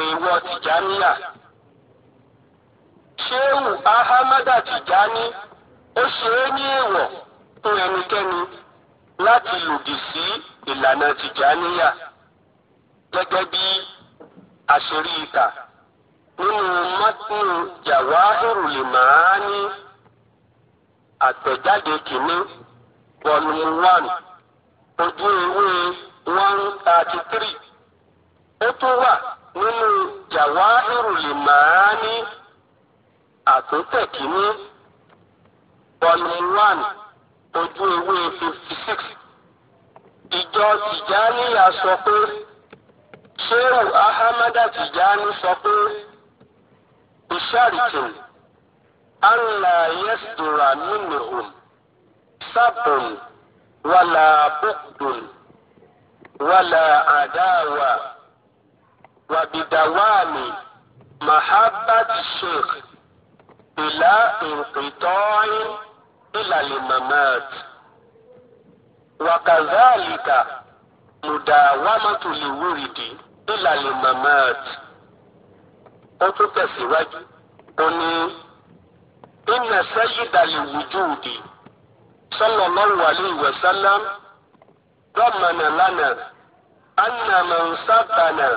èèwọ̀ tìjáníyà ṣéwù ahamada tìjání ó ṣe é ní èèwọ̀ fún ẹnikẹ́ni láti lòdì sí ìlànà tìjáníyà gẹ́gẹ́ bí àṣírí ìta nínú mọ́tún jàwáhìrù lè máa ní àtẹ̀jáde kìíní volume one ojú ewé one thirty three ó tún wà. nínú Jawahirul Maani àtúntẹ̀ kìíní volume one ojú ewé fifty six ìjọ tìjáníyà sọ pé Shehu Ahamada Tijani sọ pé bisharitin anla yasdura minhum sabun wala bukdun wala adawa. وبدوام محبة الشيخ بلا انقطاع إلى الممات وكذلك مداومة الورد إلى الممات ó tún tẹ̀síwájú ó ní inna sayyidal wujudi sallallahu alayhi wa sallam ضمن لنا أن من سبنا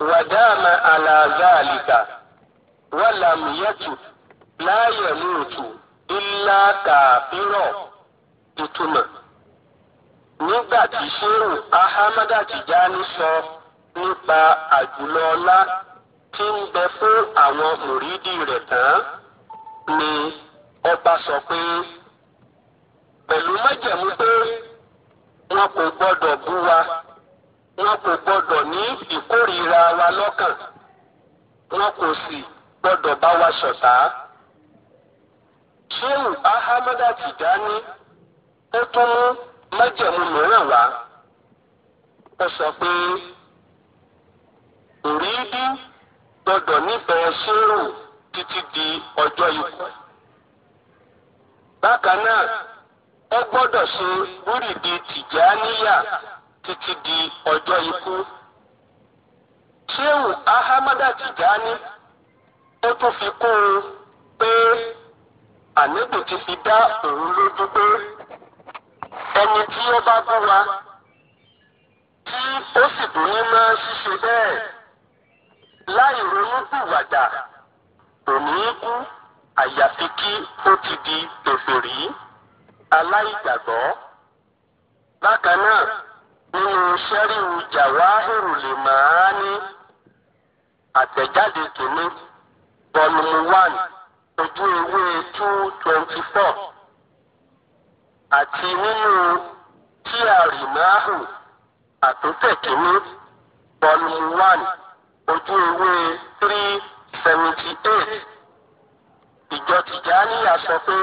ودام على ذلك ولم يتب لا يموت إلا كافرا ìtumọ̀ nígbà tí ṣéhù ahamada tijani sọ nípa àjùlọ ọlá tí ń bẹ fún àwọn mùrídì rẹ̀ tán ni ọba sọ pé pẹ̀lú májẹ̀mú pé wọn kò gbọ́dọ̀ bú wa. wọn kò gbọdọ ní ìkórìíra wa lọkàn wọn kò sì gbọdọ bá wa ṣọ̀tá. ṣéwù ahamada tìjání ó tún mú májẹ̀mú mìíràn wá ó sọ pé òrídú gbọdọ̀ nífẹ̀ẹ́ ṣéwù títí di ọjọ́ ikú. bákan náà ó gbọdọ̀ ṣe wúrìdì tìjáníyà. títí di ọjọ́ ikú. Ṣéwù Ahamada Tijani ó tún fi kún un pé àníkù ti fi dá òun lójú pé ẹni tí ó bá bú wa tí ó sì dùn ní mọ́ ṣíṣe bẹ́ẹ̀ láì ronú bùwàdà òní kú àyàfi kí ó ti di tòṣòrí aláìgbàgbọ́. bákan náà nínú sẹ́ríù jàwáhìrù lè máa ní àtẹ̀jáde kìíní volume one ojú ewé two twenty four àti nínú tíàrì máàhù àtúntẹ̀ kìíní volume one ojú ewé three seventy eight ìjọ tìjáníyà sọ pé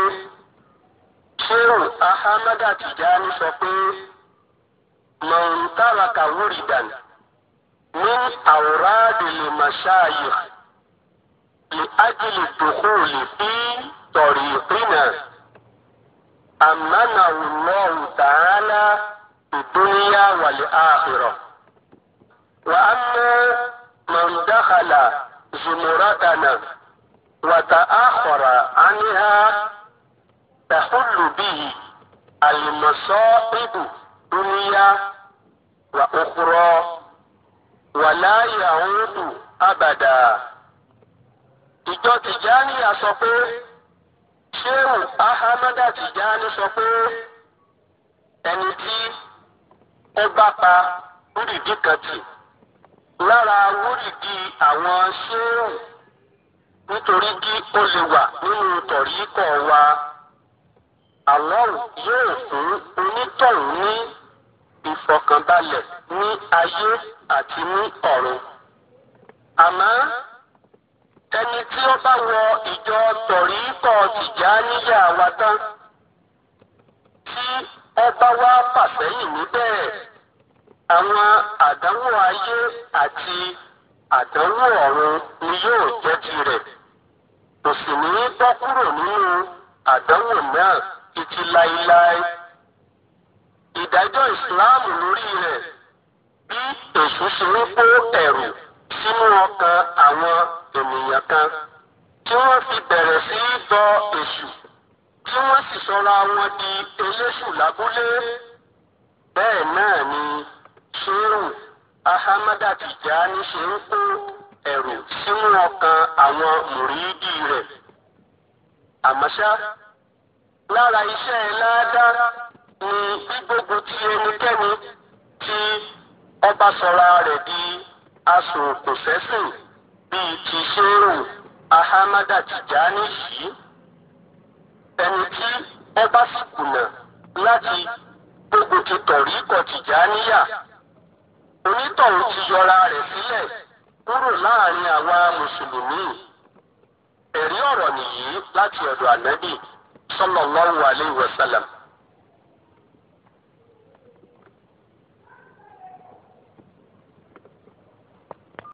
ṣéèrù ahámádà tìjáni sọ pé. من ترك وردا من أوراد المشايخ لأجل الدخول في طريقنا أمنه الله تعالى في الدنيا والآخرة وأما من دخل زمرتنا وتأخر عنها تحل به المصائب dunya wa ukhra wa la yaudu abada. ìjọ tìjáníyà sọ pé ṣéwù ahamada tìjáni sọ pé ẹni tí ó bá pa wúrìdì kan tì lára wúrìdì àwọn ṣéwù nítorí kí ó lè wà nínú tọ̀ríkọ̀ wa àwọn yóò fún onítọ̀hún ní ìfọ̀kànbalẹ̀ ní ayé àti ní ọ̀run. àmọ́ ẹni tí ó bá wọ ìjọ tọ̀ríkọ̀ tìjàníyà wa tán tí ó bá wá fàsẹ́yìn níbẹ̀ àwọn àdánwò ayé àti àdánwò ọ̀run ni yóò jẹ́ tirẹ̀ kò sì ní í bọ́ kúrò nínú àdánwò náà títí láéláé ìdájọ́ islam lórí rẹ̀ bí èṣù ṣe ń kó ẹ̀rù sínú ọkàn àwọn ènìyàn kan tí wọ́n fi bẹ̀rẹ̀ sí í tọ èṣù tí wọ́n sì sọra wọn di eléṣù lábúlé bẹ́ẹ̀ náà ni ṣéèrù ahamada tìjàní ṣe ń kó ẹ̀rù sínú ọkàn àwọn mùrídìí rẹ̀ àmọ́ṣá lára iṣẹ́ ẹ̀ ládàá pé kí ẹnikẹ́ni tí ọba sọra rẹ̀ di asòkòsẹ́sìn bíi ti ṣéèrò ahamada tìjáni yìí ẹni tí ọba sì kùnà láti gbogbo ti tọ̀rí ikọ̀ tìjáníyà onítọ̀hún ti yọra rẹ̀ sílẹ̀ kúrò láàrin àwa mùsùlùmí ẹ̀rí ọ̀rọ̀ nìyí láti ọ̀dọ̀ ànábì sallallahu alaihi wasallam.